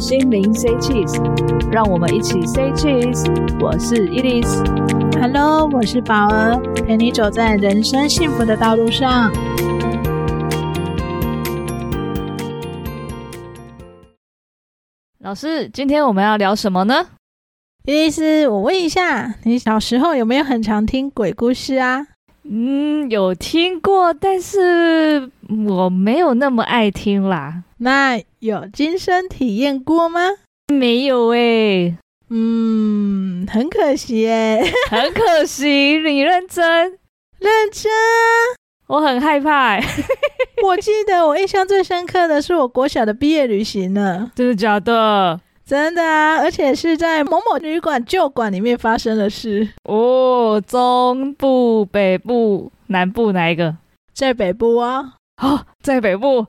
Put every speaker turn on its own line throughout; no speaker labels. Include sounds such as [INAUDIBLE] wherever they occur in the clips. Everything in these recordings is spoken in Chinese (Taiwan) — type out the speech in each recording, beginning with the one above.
心靈，say cheese，讓我們一
起 say cheese。我是伊莉絲，Hello，我是寶兒，陪你走在人生幸福的道路上。老師，今天我們要聊什麼呢？伊莉絲，我問一下，你小時候有沒有很常聽鬼故事啊？嗯，有聽過，但是我沒有那麼愛聽啦。那有親身體驗過嗎？沒有誒。嗯，很可惜誒， [LAUGHS] 很可惜，你認真認真，我很害怕。 [LAUGHS] 我記得我印象最深刻的是我國小的畢業旅行呢，真的 [LAUGHS] 假的？真的啊，而且是在某某旅館舊館裡面發生的事。哦，中部、北
部、南部哪一個？在北部啊。哦。哦，在北部，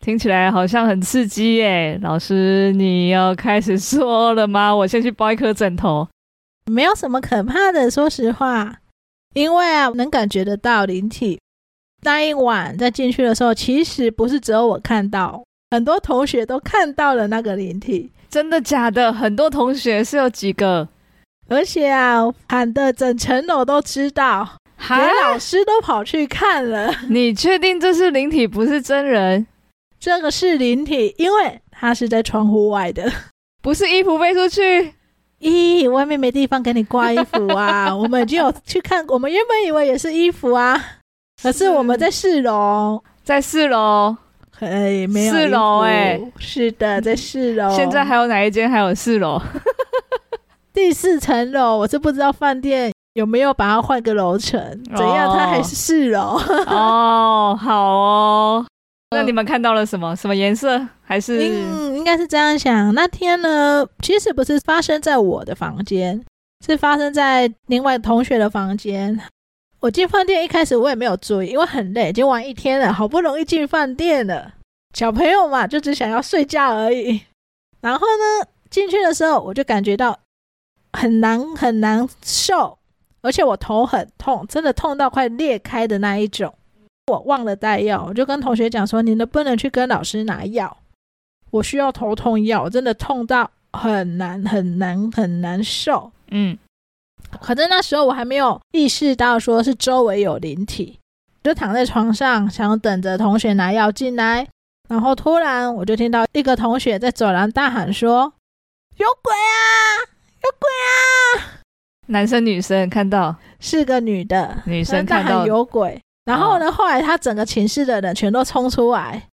聽起來好像很刺激耶。老師，你要開始說了嗎？我先去
包一顆枕頭。沒有什麼可怕的，說實話，因為啊，能感覺得到靈體。那一晚在進去的時候，其實不是只有我看到。很多同學都看到了那個靈體，真的假的？很多同學是有幾個，而且啊喊得整層樓都知道，連哈老師都跑去看了。你確定這是靈體不是真人？這個是靈體，因為它是在窗戶外的，不是衣服飛出去。咦，外面沒地方給你掛衣服啊？ [LAUGHS] 我們就有去看過，我們原本以為也是衣服啊，是可是我們在四樓，在四樓。哎，欸、沒有四樓哎、欸，是的，在四樓。現在還有哪一間還有四樓？ [LAUGHS] 第四層樓，我是不知道飯店有沒有把它換個樓層，哦、怎樣它還是四樓？
[LAUGHS] 哦，好哦。那你們看到了什麼？什麼顏色？還是、嗯、應
應該是這樣想。那天呢，其實不是發生在我的房間，是發生在另外同學的房間。我進飯店一開始我也沒有注意，因為很累，已經玩一天了，好不容易進飯店了。小朋友嘛，就只想要睡覺而已。然後呢，進去的時候我就感覺到很難很難受，而且我頭很痛，真的痛到快裂開的那一種。我忘了帶藥，我就跟同學講說：“你能不能去跟老師拿藥，我需要頭痛藥。”我真的痛到很難很難很難受。嗯。可是那時候我還沒有意識到說是周圍有靈體，就躺在床上想等着同學拿藥進來，然後突然我就聽到一個同學在走廊大喊說：“有鬼啊，有鬼啊！”男生女生看到是個女的，女生看到有鬼，然後呢，哦、後來他整個寢室的人全都衝出來，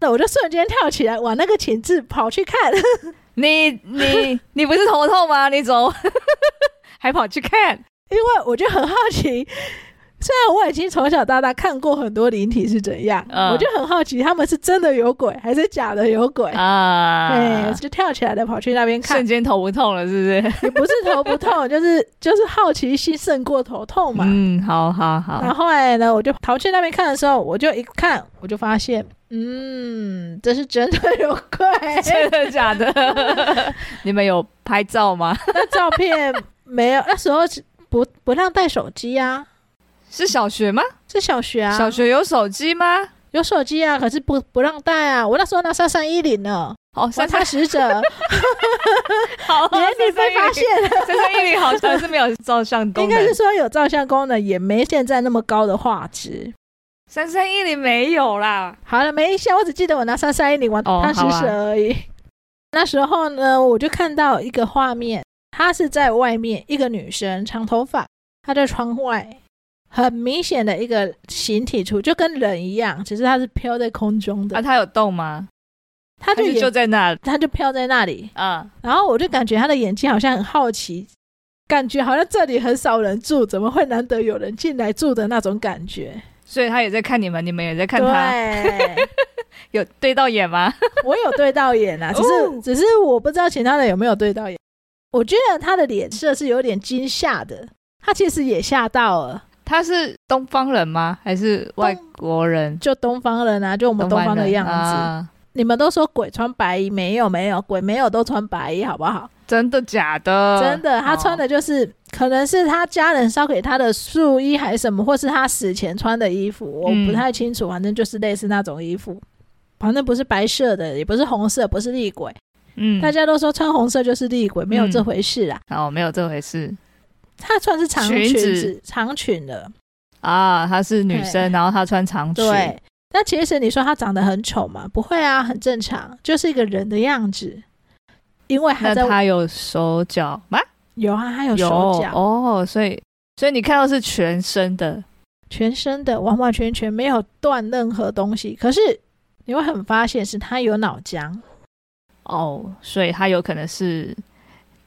那我就瞬間跳起來往那個寢室跑去看。 [LAUGHS] 你你你不是頭痛嗎？你走。 [LAUGHS] 還跑去看，因為我就很好奇。雖然我已經從小到大，大看過很多靈體是怎樣，uh, 我就很好奇，他們是真的有鬼還是假的有鬼啊？對、uh, 欸，就跳起來的跑去那邊看，瞬間頭不痛了，是不是？也不是頭不痛， [LAUGHS] 就是就是好奇心勝過頭痛嘛。嗯，
好好
好。然後後來呢，我就逃去那邊看的時候，我就一看，我就發現，
嗯，
這是真的有鬼，真的
假的？
[LAUGHS] [LAUGHS] 你們有拍照嗎？那照片。沒有，那時候不不讓帶手機呀、啊，是小學嗎？是小學啊，小學有手機嗎？有手機啊，可是不不讓帶啊。我那時候拿三三一零呢，哦，貪食蛇，好，哎，你被發現了。三三一零好像是沒有照相功能，應該是說有照相功能，也沒現在那麼高的畫質。
三三一零沒有啦。
好了，沒一下，我只記得我拿三三一零玩貪食蛇而已。Oh, 啊、那時候呢，我就看到一個畫面。她是在外面，一個女生，長頭髮，她在窗外，很明顯的一個形體處，就跟人一樣，只是她是飄在空中的。那、啊、她有動嗎？她,她就就在那裡，她就飄在那裡。嗯、啊。然後我就感覺她的眼睛好像很好奇，感覺好像這裡很少人住，怎麼會難得有人進來住的那種感覺？
所以她也在看你們，你們也在看她。對
[LAUGHS] 有對
到眼嗎？ [LAUGHS]
我有對到眼啊，只是只是我不知道其他的有沒有對到眼。我覺得他的臉色是有點驚嚇的，他其實也嚇到了。他是東方人嗎？還是外國人？就東方人啊，就我們東方的樣子。啊、你們都說鬼穿白衣，沒有沒有，鬼沒有都穿白衣，好不好？真的假的？真的，他穿的就是好可能是他家人燒給他的素衣，還是什麼，或是他死前穿的衣服，我不太清楚。嗯、反正就是類似那種衣服，反正不是白色的，也不是紅色，不是厲鬼。嗯，大家都說穿紅色就是厲鬼，沒有這回事啊。哦、嗯，
沒有這回事。
她穿是長裙子、裙子長裙的啊。她是女生，對然後她穿長裙。對，那其實你說她長得很醜嘛？不會啊，很正常，就是一個人的樣子。因為還在那，她有手腳嗎？有啊，她有手腳哦。所以，所以你看到是全身的，全身的完完全全沒有斷任何東西。可是你會很發現是他，是她有腦漿。哦，oh, 所以他有可能是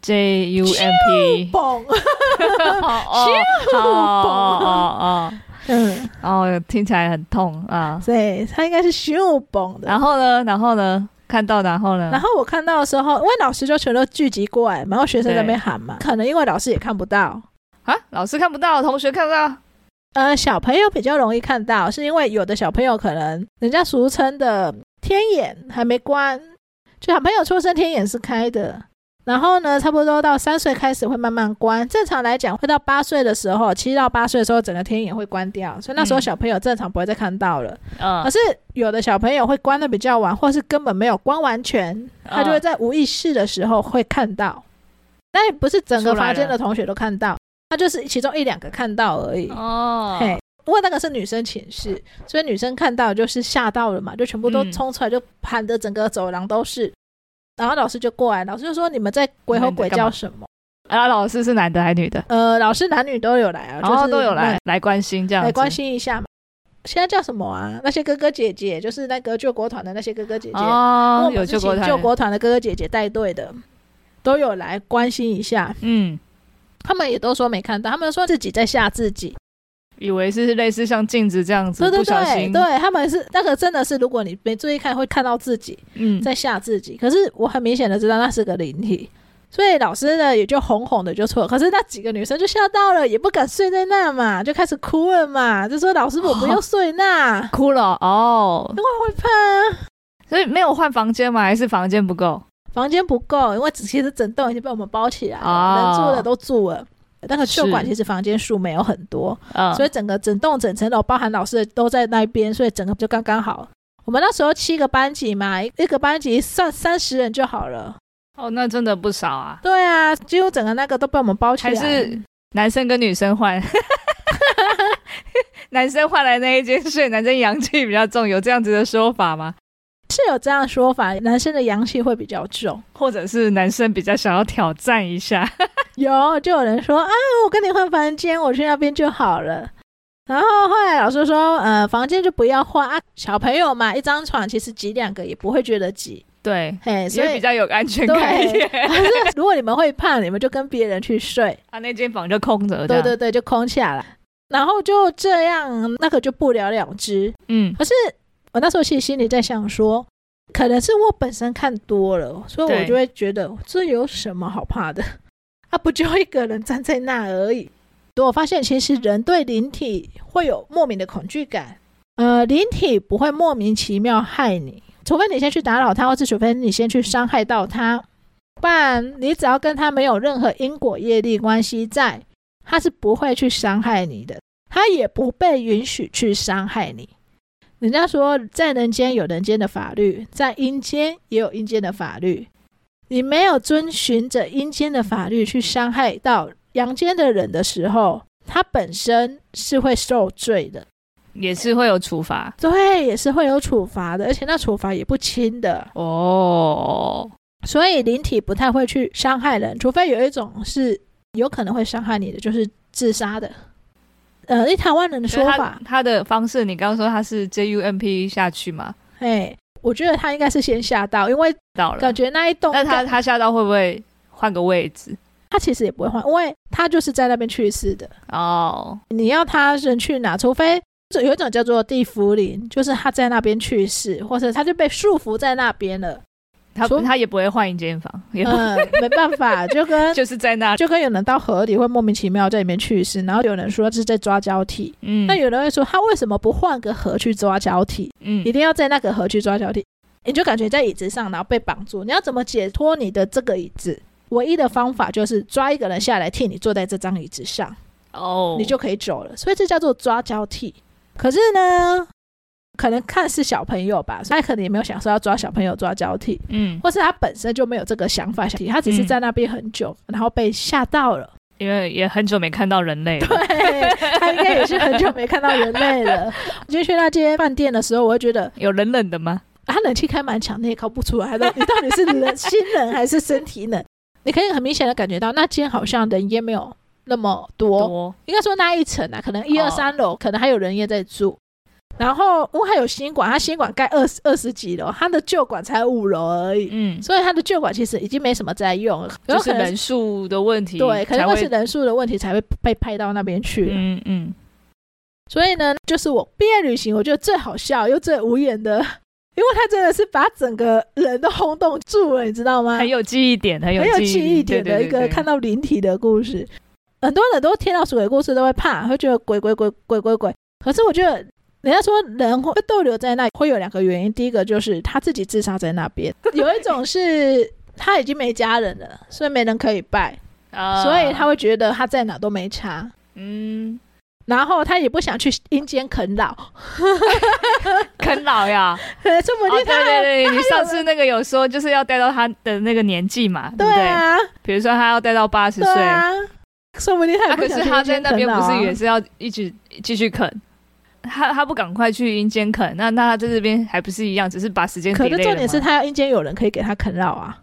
J
U M P。哈哦哦
哦，嗯，oh, 聽起來很痛啊。對、uh.，他應該是 Jump 的。然後呢，然後呢，看到然後呢？然後我看到的時候，因為老師就全都聚集過來，然後學生在那邊喊嘛，對可能因為老師也看不到啊，老師看不到，同學看不到，呃，小朋友比較容易看到，是因為有的小朋友可能人家俗稱的天眼還沒關。小朋友出生，天眼是開的，然後呢，差不多到三歲開始會慢慢關。正常來講，會到八歲的時候，七到八歲的時候，整個天眼會關掉，所以那時候小朋友正常不會再看到了。可、嗯、是有的小朋友會關的比較晚，或是根本沒有關完全，他就會在無意識的時候會看到。嗯、但也不是整個房間的同學都看到，他就是其中一兩個看到而已。哦，嘿。因為那個是女生寢室，所以女生看到就是嚇到了嘛，就全部都衝出來，就喊得整個走廊都是。嗯、然後老師就過來，老師就說：“你們在鬼吼鬼、嗯、叫什麼？”啊，老師是男的還是女的？呃，老師男女都有來啊，然、就、後、是哦、都有來那來關心，這樣子來關心一下嘛。現在叫什麼啊？那些哥哥姐姐，就是那個救國團的那些哥哥姐姐哦，有救國救國團的哥哥姐姐帶隊的，都有來關心一下。嗯，他們也都說沒看到，他們說自己在嚇自己。以為是類似像鏡子這樣子，對對對，不小心，對他們是那個真的是，如果你沒注意看，會看到自己，嗯，在嚇自己。可是我很明顯的知道那是個靈體，所以老師呢也就哄哄的就錯了。可是那幾個女生就嚇到了，也不敢睡在那嘛，就開始哭了嘛，就說老師，我不要睡那，哭了哦，因為會怕、啊，所以沒有換房間嘛，還是房間不夠，房間不夠，因為其實整棟已經被我們包起來了，能、哦、住的都住了。那個宿管其實房間數沒有很多，嗯、所以整個整棟整層樓包含老師的都在那邊，所以整個就剛剛好。我們那時候七個班級嘛，一個班級算三十人就好了。哦，那真的不少啊！對啊，幾乎整個那個都被我們包起來。還是男生跟女生換 [LAUGHS] ，
男生換來那一間睡，男生陽氣比較重，有這樣子的說法嗎？是有
這樣的說法，男生的陽氣會比較重，或者是男生比較想要挑戰一下。 [LAUGHS] 有，就有人說啊，我跟你換房間，我去那邊就好了。然後後來老師說，呃，房間就不要換啊，小朋友嘛，一張床其實擠兩個也不會覺得擠。對嘿，所以比較有安全感。可對 [LAUGHS] 是如果你們會怕，你們就跟別人去睡，啊，那間房就空着了。對對對，就空下了。然後就這樣，那個就不了了之。嗯，可是。我、哦、那時候其實心裡在想說，可能是我本身看多了，所以我就會覺得對這有什麼好怕的？他、啊、不就一個人站在那而已。等我發現，其實人對靈體會有莫名的恐懼感。呃，靈體不會莫名其妙害你，除非你先去打擾他，或是除非你先去傷害到他。不然，你只要跟他沒有任何因果業力關係在，他是不會去傷害你的，他也不被允許去傷害你。人家說，在人間有人間的法律，在陰間也有陰間的法律。你沒有遵循着陰間的法律去傷害到陽間的人的時候，他本身是會受罪的，也是會有處罰。對，也是會有處罰的，而且那處罰也不輕的哦。所以靈體不太會去傷害人，除非有一種是有可能會傷害你的，就是自殺的。呃，以台灣人的說法，他，
他的方式，你剛剛說他是 jump 下去嗎？
哎，我覺得他應該是先下到，因為到了感覺那一棟。那他他下到會不會換個位置？他其實也不會換，因為他就是在那邊去世的哦。你要他人去哪？除非有一種叫做地縛靈，就是他在那邊去世，或者他就被束縛在那邊了。他他也不會換一間房，有沒有？嗯，沒辦法，就跟 [LAUGHS] 就是在那裡，就跟有人到河裡會莫名其妙在裡面去世，然後有人說這是在抓交替，嗯，那有人會說他為什麼不換個河去抓交替，嗯，一定要在那個河去抓交替，嗯、你就感覺在椅子上，然後被綁住，你要怎麼解脫你的這個椅子？唯一的方法就是抓一個人下來替你坐在這張椅子上，哦，你就可以走了。所以這叫做抓交替。可是呢？可能看是小朋友吧，所以他可能也沒有想說要抓小朋友抓交替，嗯，或是他本身就沒有這個想法想，他只是在那邊很久，然後被嚇到了，
因為也很久沒看到人類了，對，他應該也是很久沒看到人類
了。我今天 [LAUGHS] 去那間飯店的時候，我會覺得有冷冷的嗎？他、啊、冷氣開蠻強，你也靠不出來的。 [LAUGHS] 你到底是人心冷還是身體冷？ [LAUGHS] 你可以很明顯的感覺到，那間好像人煙沒有那麼多，多應該說那一層啊，可能一二三樓可能還有人煙在住。然後，因為他有新館，他新館蓋二十二十幾樓，他的舊館才五樓而已。嗯，所以他的舊館其實已經沒什麼在用，就是人數
的問題。對，可能會是人
數的問題，才會被派到那邊去。嗯嗯。所以呢，就是我畢業旅行，我覺得最好笑又最無言的，因為他真的是把整個人都轟動住了，你知道嗎？很有
記憶點，很有記憶點的一個看
到靈體的故事。很多人都聽到所有故事都會怕，會覺得鬼鬼鬼鬼鬼鬼。可是我覺得。人家說人會逗留在那裡，會有兩個原因。第一個就是他自己自殺在那邊，對有一種是他已經沒家人了，所以沒人可以拜，uh, 所以他會覺得他在哪都沒差。嗯，然後他也不想去陰間啃老，
[LAUGHS] [LAUGHS] 啃老呀？說不定他、oh, 對對對，有你上次那個有說就是要帶到他的那個年紀嘛，對，啊、對不對？比如說他要帶到八十歲、啊，說不定他，不、啊、他可是他在那邊不是也是要一直繼續啃。他他不趕快去陰間啃，那那他在這邊還不是一樣，只是把時間，可是重點是他
要陰間有人可以給他啃老啊。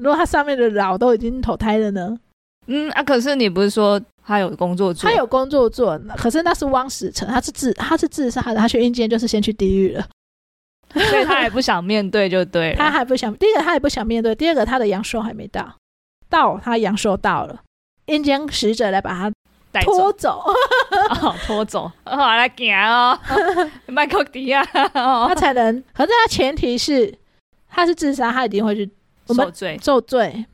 如果他上面的老都已經投胎了呢？嗯啊，可是你不是說他有工作做？他有工作做，可是那是枉死城，他是自他是自殺的，他去陰間就是先去地獄了，所以他也不想
面對，就對。 [LAUGHS] 他
還不想，第一個他也不想面對，第二個他的陽壽還沒到，到他陽壽到了，陰間使者來把他。拖走，拖 [LAUGHS] 脫走，
然後來行哦，麥克迪亞，
他才能。可是他前提是，他是自殺，他一定會去受罪，受罪。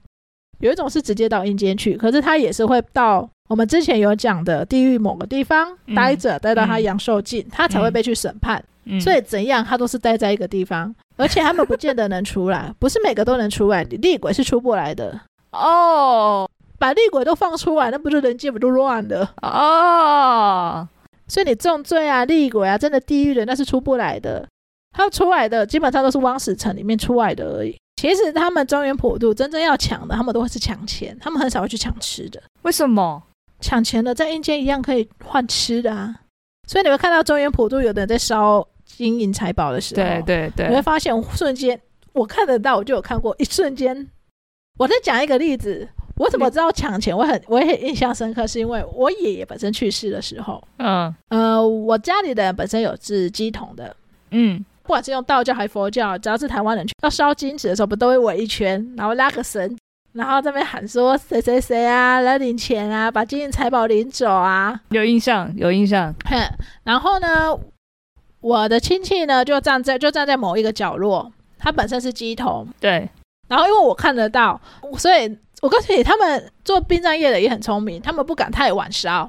有一種是直接到陰間去，可是他也是會到我們之前有講的地獄某個地方待着，嗯、待到他陽壽盡，嗯、他才會被去審判。嗯、所以怎樣，他都是待在一個地方，嗯、而且他們不見得能出來， [LAUGHS] 不是每個都能出來。厲鬼是出不來的哦。把厲鬼都放出來，那不就人間不都亂了啊？Oh. 所以你重罪啊，厲鬼啊，真的地獄人那是出不來的。他出來的基本上都是枉死城裡面出來的而已。其實他們中元普渡真正要搶的，他們都會是搶錢，他們很少會去搶吃的。為什麼？搶錢的在陰間一樣可以換吃的啊。所以你會看到中元普渡有的人在燒金銀財寶的時候，對對對，你會發現瞬間我看得到，我就有看過。一瞬間，我再講一個例子。我怎麼知道搶錢？我很，你我也很印象深刻，是因為我爺爺本身去世的時候，嗯，呃，我家裡的人本身有是乩童的，嗯，不管是用道教還是佛教，只要是台灣人，要燒金紙的時候，不都會圍一圈，然後拉個繩，然後在那邊喊說：“誰誰誰啊，來領錢啊，把金銀財寶領走啊！”有印象，有印象。哼，然後呢，我的親戚呢就站在，就站在某一個角落，他本身是乩童，對。然後因為我看得到，所以。我告訴你，他們做殯葬業的也很聰明，他們不敢太晚燒，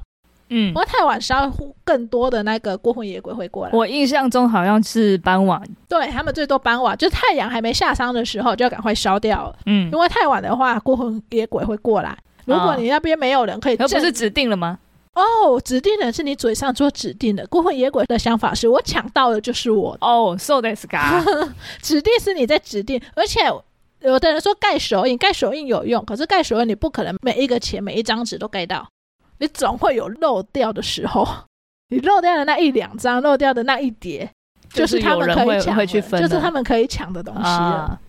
嗯，因為太晚燒，更多的那個孤魂野鬼會過來。我
印象中好像是傍晚，
對他們最多傍晚，就太陽還沒下山的時候就要趕快燒掉了，嗯，因為太晚的話，孤魂野鬼會過來。如果你那邊沒有人可以、哦，而不是指定了嗎？哦，指定的是你嘴上說指定的，孤魂野鬼的想法是我搶到的就是我哦，so that's god，指定是你在指定，而且。有的人說蓋手印，蓋手印有用，可是蓋手印你不可能每一個錢每一張紙都蓋到，你總會有漏掉的時候。 [LAUGHS] 你漏掉的那一兩張，漏掉的那一疊，就是他們可以搶，就是他們可以搶的東西啊。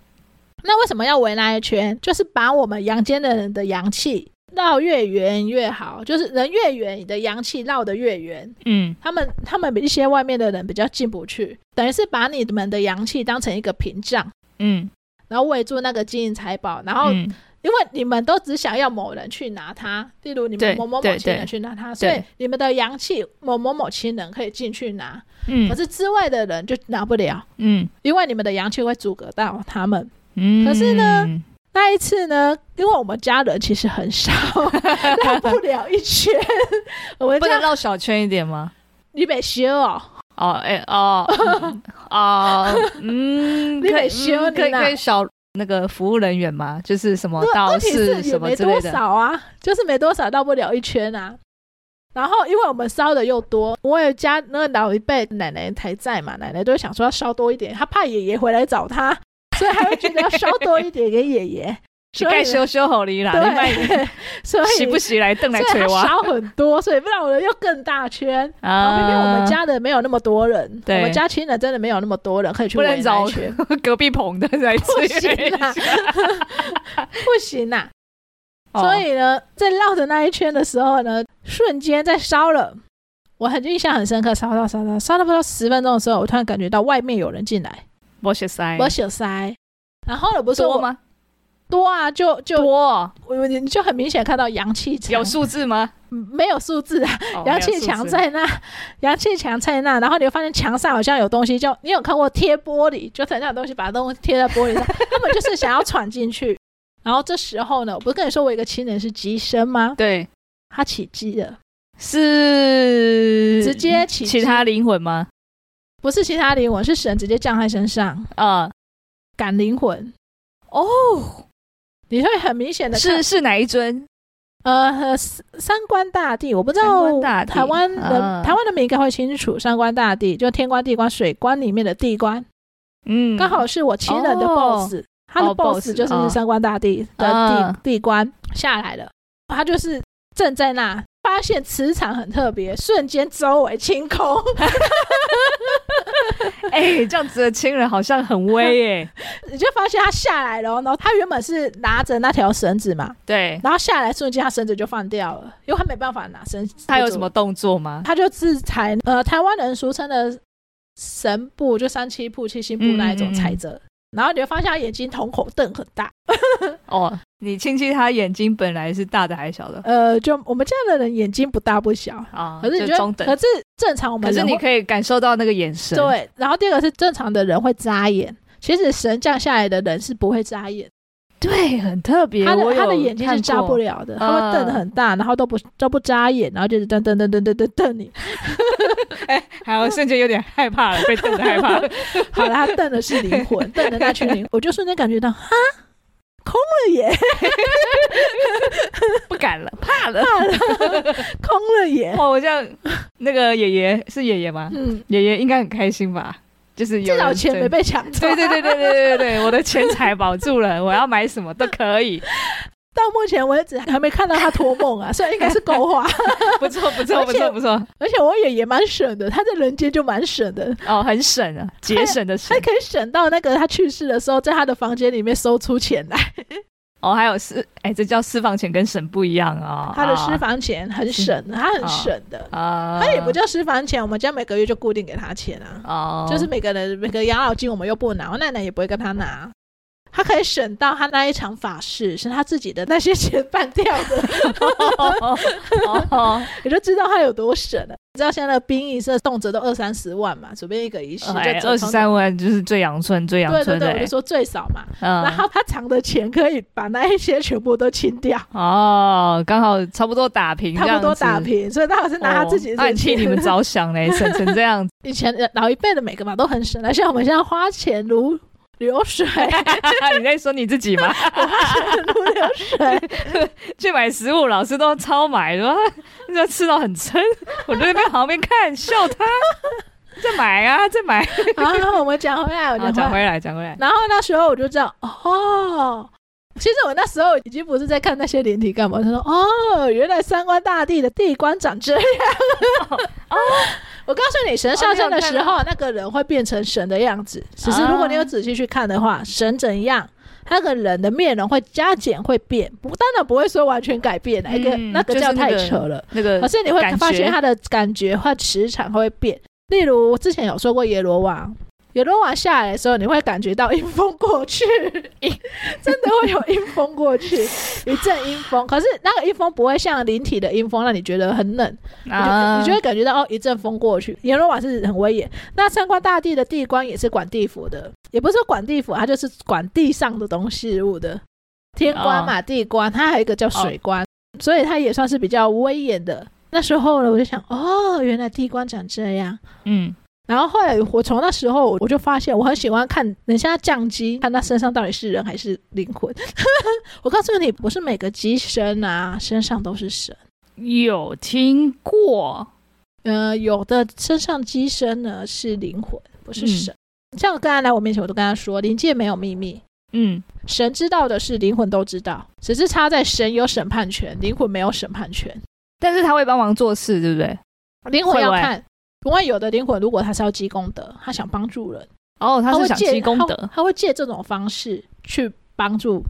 那為什麼要圍那一圈？就是把我們陽間的人的陽氣繞越圓越好，就是人越圓，你的陽氣繞得越圓。嗯，他們他們一些外面的人比較進不去，等於是把你們的陽氣當成一個屏障。嗯。然後圍住那個金銀財寶，然後因為你們都只想要某人去拿它，例如你們某某某親人去拿它，所以你們的陽氣某某某親人可以進去拿，
可是之
外的人就拿不了，嗯，因為你們的陽氣會阻隔到他們，可是呢，那一次呢，因為我們家人其實很少，繞不了一圈，我們不能繞小圈一點嗎？
你別笑哦。哦，哎、欸，哦，嗯、哦，嗯，可以，可以，可以，小那個服務人員嘛，就是什麼道士什麼之類的，沒多少
啊，就是沒多少，到不了一圈啊。然後，因為我們燒的又多，我有家那個老一輩奶奶還在嘛，奶奶都想說要燒多一點，她怕爺爺回來找她，所以她就覺得要燒多一點給爺爺。 [LAUGHS] 蓋修修
好了啦，
所以洗不洗來？鄧來捶我，燒很多，所以不然我們要更大圈啊。偏偏我們家的沒有那麼多人，我們家親的真的沒有那麼多人可以去圍繞圈。隔壁棚的在追，不行啦，不行啦。所以呢，在繞的那一圈的時候呢，瞬間在燒了。我很印象很深刻，燒燒燒燒燒了不到十分鐘的時候，我突然感覺到外面有人進來，我血塞，我血塞，然後呢，不是我嗎？多啊，就就多，你就很明顯看到陽氣有數字嗎？沒有數字啊，陽氣強在那，陽氣強在那，然後你會發現牆上好像有東西，就你有看過貼玻璃，就等樣的東西把東西貼在玻璃上，根本就是想要闖進去。然後這時候呢，我不是跟你說我一個親人是乩身嗎？對，他起乩的，是直接起其他靈魂嗎？不是其他靈魂，是神直接降在身上啊，感靈魂哦。你會很明顯的，是是哪一尊？呃，三三官大帝，我不知道，三官大帝，台灣的，啊，台灣的每一個會清楚三官，三官大帝就天官、地官、水官裡面的地官。嗯，剛好是我親人的 boss，哦，他的 boss，哦，就是三官大帝的地，哦，地官。下來了，他就是站在那，發現磁場很特別，瞬間周圍清空。 [LAUGHS] [LAUGHS] 哎、 [LAUGHS] 欸，這樣子的親人好像很威耶， [LAUGHS] 你就發現他下來了、哦，然後他原本是拿着那條繩子嘛，對，然後下來瞬間他繩子就放掉了，因為他沒辦法拿繩子。他有什麼動作嗎？他就自裁呃，台灣人俗稱的神步，就三七步、七星步那一種踩着，嗯嗯嗯，然後你就發現他眼睛瞳孔瞪很大，哦。 [LAUGHS] Oh.
你親戚他眼睛本來是大的還是小的？
呃，就我們這樣的人眼睛不大不小啊，嗯、可是你覺得？中等可是正
常我們，可是你可以感受到那個眼神。對，
然後第二個是正常的人會眨眼，其實神降下來的人是不會眨眼。對，很特別。他的他的眼睛是眨不了的，呃、他會瞪得很大，然後都不都不眨眼，然後就是瞪瞪瞪瞪瞪瞪瞪瞪你。哎、 [LAUGHS]
欸，還有瞬間有點害怕了，被瞪得害怕
了。 [LAUGHS] 好啦，他瞪的是靈魂， [LAUGHS] 瞪的那群靈魂，我就瞬間感覺到哈。空了耶，
[LAUGHS] 不敢了，怕了，怕了，空了耶。哦， [LAUGHS] 我這樣那個爺爺是爺爺嗎？嗯，爺爺應該很開心吧？就是有少錢沒被搶。對對對對對對對，我的錢財保住了， [LAUGHS] 我要買什麼都可以。
到目前為止還沒看到他托夢啊， [LAUGHS] 所以應該是夠花。
不錯不錯不錯不錯，
而且我也也蠻省的，他在人間就蠻省的哦，很省啊，節省的省。他可以省到那個他去世的時候，在他的房間裡面搜出錢來。
哦，還有私，哎，這叫私房錢跟省不一樣啊、哦。他的私房
錢很省，哦，他很省的啊，哦，他也不叫私房錢，我們家每個月就固定給他錢啊，哦，就是每個人每個養老金我們又不拿，我奶奶也不會跟他拿。他可以省到他那一場法事是他自己的那些錢辦掉的，你就知道他有多省了。你知道現在的殯儀社動輒都二三十萬嘛，隨便一個儀式就二十三
萬，就是最陽春，最陽春。對對對，對我就說
最少嘛。嗯、然後他藏的錢可以把那一些全部都清掉。
哦，剛好差不多打平，差不多打平。所以他是拿他自己的錢替，oh, 你們着想呢，省 [LAUGHS] 成這樣
子。以前老一輩的每個嘛都很省，而、啊、且我們現在花錢如流水，
[LAUGHS] 你在說你自己嗎？ [LAUGHS] 我是錄流水， [LAUGHS] 去買食物，老師都超買，你知道吃到很撐，我就在旁邊看， [LAUGHS] 笑
他，再買啊，再買。然後我們講回來，我講回來，講回來。回來然後那時候我就這樣，哦。其實我那時候已經不是在看那些靈體幹嘛？他說：“哦，原來三官大帝的地官長這樣。 [LAUGHS] 哦”哦、我告訴你，神上身的時候，哦、那，那個人會變成神的樣子。只是如果你有仔細去看的話，哦、神怎樣，那個人的面容會加減、會變不，當然不會說完全改變，那個、嗯、那個叫太扯了。那可、個那個、是你會發現他的感覺、或磁場會變。覺例如，我之前有說過閻羅王。閻羅王下來的時候，你會感覺到陰風過去，真的會有陰風過去， [LAUGHS] 一陣陰風。可是那個陰風不會像靈體的陰風，讓你覺得很冷，嗯、你，就你就會感覺到哦，一陣風過去。閻羅王是很威嚴。那三官大帝的地官也是管地府的，也不是說管地府，它就是管地上的東西物的。天官嘛，哦、地官，它還有一個叫水官，哦、所以它也算是比較威嚴的。那時候呢，我就想，哦，原來地官長這樣。嗯。然後後來，我從那時候，我就發現我很喜歡看人家降乩，看他身上到底是人還是靈魂。 [LAUGHS] 我告訴你，不是每個乩身啊，身上都是神。有聽過？呃，有的身上乩身呢是靈魂，不是神。嗯、像我剛才來我面前，我都跟他說，靈界沒有秘密。嗯，神知道的事靈魂都知道，只是差在神有審判權，靈魂沒有審判權。但是他會幫忙做事，對不對？靈魂要看。另外，有的靈魂如果他是要積功德，他想幫助人，哦，他是想積功德，他會，他，他會借這種方式去幫助。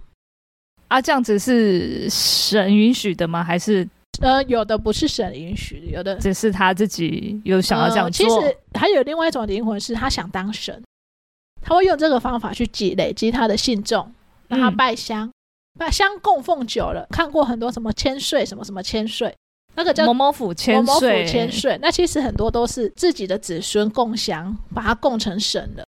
啊，這樣子是神
允許的嗎？還是
呃，有的不是神允許，有的只
是他自己有想要這樣做。呃，其
實還有另外一種靈魂，是他想當神，他會用這個方法去積累積他的信眾，讓他拜香，嗯，拜香供奉久了，看過很多什麼千歲，什麼什麼千歲。那個叫某某府千歲，某某府千歲。那其實很多都是自己的子孫供香，把它供成神的。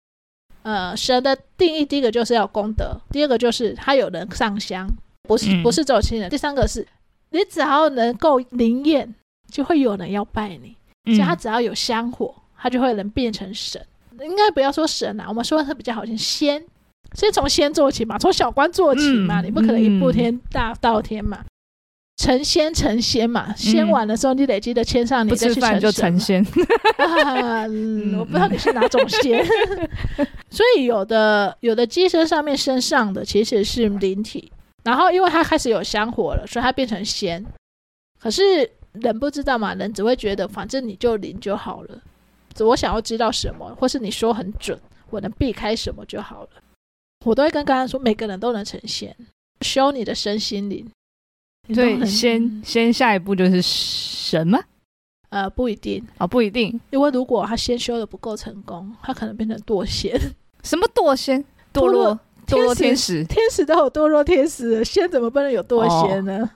呃，神的定義，第一個就是要功德，第二個就是他有人上香，不是不是走親人。嗯、第三個是你只要能夠靈驗，就會有人要拜你。嗯、所以他只要有香火，他就會能變成神。應該不要說神啊，我們說的比較好聽，仙。所以從仙做起嘛，從小官做起嘛，嗯、你不可能一步天大到天嘛。成仙成仙嘛，嗯、仙完了之後你累積的時候你得記得簽上，你再就成仙、 [LAUGHS] 啊嗯。我不知道你是哪種仙， [LAUGHS] 所以有的有的乩身上面身上的其實是靈體，然後因為它開始有香火了，所以它變成仙。可是人不知道嘛，人只會覺得反正你就靈就好了。只我想要知道什麼，或是你說很準，我能避開什麼就好了。我都會跟剛剛說，每個人都能成仙，修你的身心靈。對，所以先、嗯、
先下一步就是什麼？
呃，不一定啊、哦，不一定。因為如果他先修的不夠成功，他可能變成墮仙。什麼墮仙？墮落？墮落、墮落天使？天使都有墮落天使了，仙怎麼不能有墮仙呢？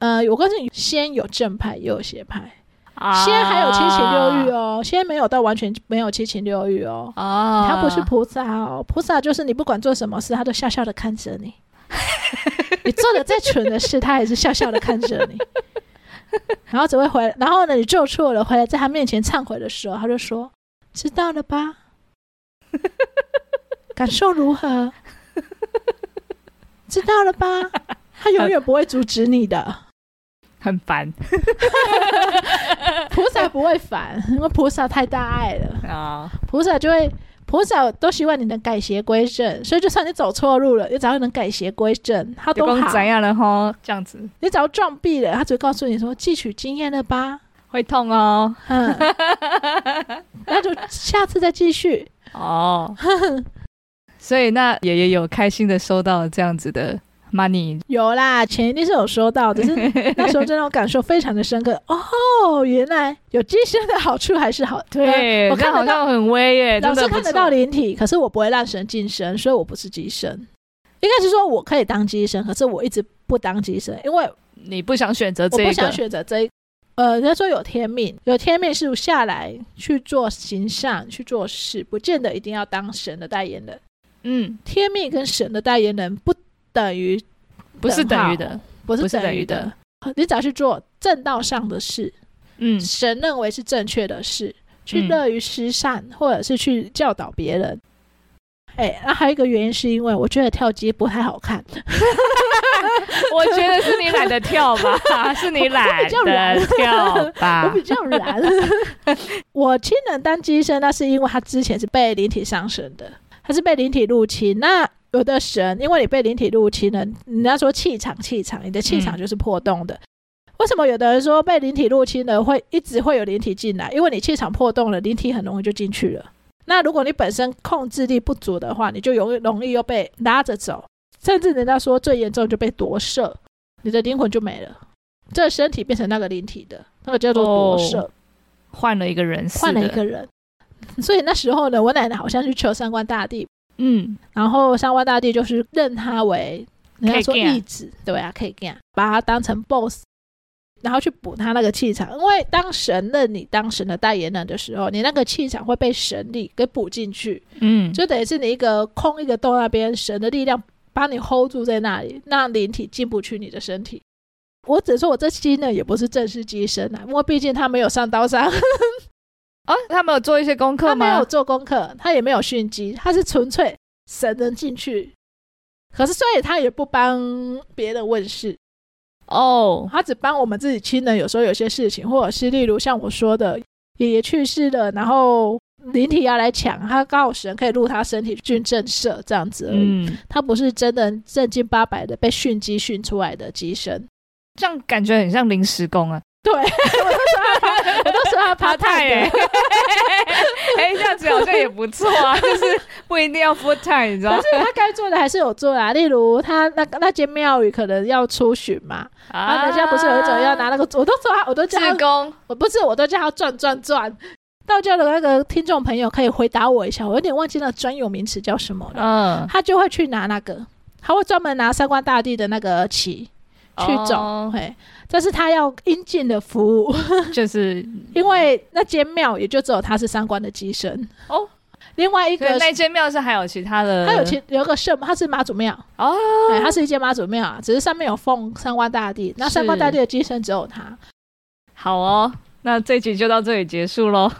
哦、呃，我告訴你，仙有正派也有邪派，啊、仙還有七情六欲哦，仙沒有到完全沒有七情六欲哦。哦、啊，他不是菩薩哦，菩薩就是你不管做什麼事，他都笑笑的看着你。你做的再蠢的事，他也是笑笑的看着你， [LAUGHS] 然後只會回來。然後呢，你做錯了回來，在他面前懺悔的時候，他就說：“知道了吧？ [LAUGHS] 感受如何？知道了吧？他永遠不會阻止你的，很煩。 [LAUGHS] ” [LAUGHS] 菩薩不會煩，因為菩薩太大愛了啊，oh. 菩薩就會。我早都希望你能改邪歸正，所以就算你走錯路了，也只要能改邪歸正，他都好。怎樣了，這樣子，你只要撞壁了，他只會告訴你說：“汲取經驗了吧，會痛哦。嗯” [LAUGHS] 那就下次再繼續哦。Oh. [LAUGHS] 所以
那爺爺有開心地收到這樣子的。money
有啦，錢一定是有收到的。但是那時候真的我感受非常的深刻 [LAUGHS] 哦，原來有乩身的好處還是好。對、啊，對我看得到很威耶，老師看得到靈體，可是我不會讓神近身，所以我不是乩身。應該是說我可以當乩身，可是我一直不當乩身，因為不你不想選擇這一我不想選擇這一，呃，人、就、家、是、說有天命，有天命是下來去做行善，去做事，不見得一定要當神的代言人。嗯，天命跟神的代言人不。等於，不是等於的，不是等於的。是於的，你只要去做正道上的事，嗯，神認為是正確的事，去樂於施善，嗯、或者是去教導別人。哎，那、啊、還有一個原因是因為我覺得跳乩不太好看。
[LAUGHS] [LAUGHS] 我覺得是你懶得跳吧， [LAUGHS] 是你懶得跳吧。 [LAUGHS] 我比較懶。
[LAUGHS] 我親人當乩身，那是因為他之前是被靈體上身的，他是被靈體入侵。那。有的神，因為你被靈體入侵了，人家說氣場氣場，你的氣場就是破洞的。嗯、為什麼有的人說被靈體入侵了會一直會有靈體進來？因為你氣場破洞了，靈體很容易就進去了。那如果你本身控制力不足的話，你就容易容易又被拉着走，甚至人家說最嚴重就被奪舍，你的靈魂就沒了，這身體變成那個靈體的，那個叫做奪舍，
換了一個人，換了一個
人。所以那時候呢，我奶奶好像去求三官大帝。嗯，然後上萬大帝就是認他為你要說義子。行對啊，可以這樣把他當成 boss，然後去補他那個氣場。因為當神認你當神的代言人的時候，你那個氣場會被神力給補進去。嗯，就等於是你一個空一個洞那邊，神的力量把你 hold 住在那裡，那靈體進不去你的身體。我只說我這期呢也不是正式乩身啊，因為畢竟他沒有上刀山。 [LAUGHS] 哦，他沒有做一些功課嗎？他沒有做功課，他也沒有訓乩，他是純粹神能進去。可是所以他也不幫別人問事哦，他只幫我們自己親人。有時候有些事情，或者是例如像我說的，爺爺去世了，然後靈體要來搶，他告訴神可以入他身體去震懾這樣子而已。嗯、他不是真的正經八百的被訓乩訓出來的乩身，這樣感覺很像臨時工啊。 [LAUGHS] 對，我都說他 [LAUGHS] 我都說他爬太耶，
哎，這樣子好像也不錯啊，就是不一定要 full time，你知道嗎？是，他該
做的還是有做啊，例如他那那間廟宇可能要出巡嘛，啊、然後人家不是有一種要拿那個，我都說他，我都叫他，我，他功我不是，我都叫他轉轉轉。道教的那個聽眾朋友可以回答我一下，我有點忘記那個專有名詞叫什麼了。嗯，他就會去拿那個，他會專門拿三官大帝的那個旗。去走，嘿、哦，但是他要應盡的服務，就是因為那間廟也就只有他是三官的乩身。哦。另外一個那間廟是還有其他的，他有其有一個社，他是媽祖廟哦，對，他是一間媽祖廟啊，只是上面有奉三官大帝，那三官大帝的乩身只有他。
好哦，那這集就到這裡結束嘍，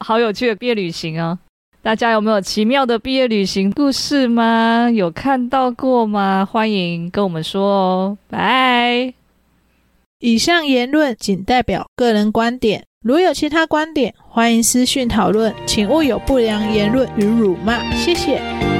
[LAUGHS] 好有趣的畢業旅行啊。大家有沒有奇妙的畢業旅行故事嗎？
有看到過嗎？歡迎跟我們說哦，拜。以上言論僅代表個人觀點，如有其他觀點，歡迎私訊討論，請勿有不良言論與辱罵，謝謝。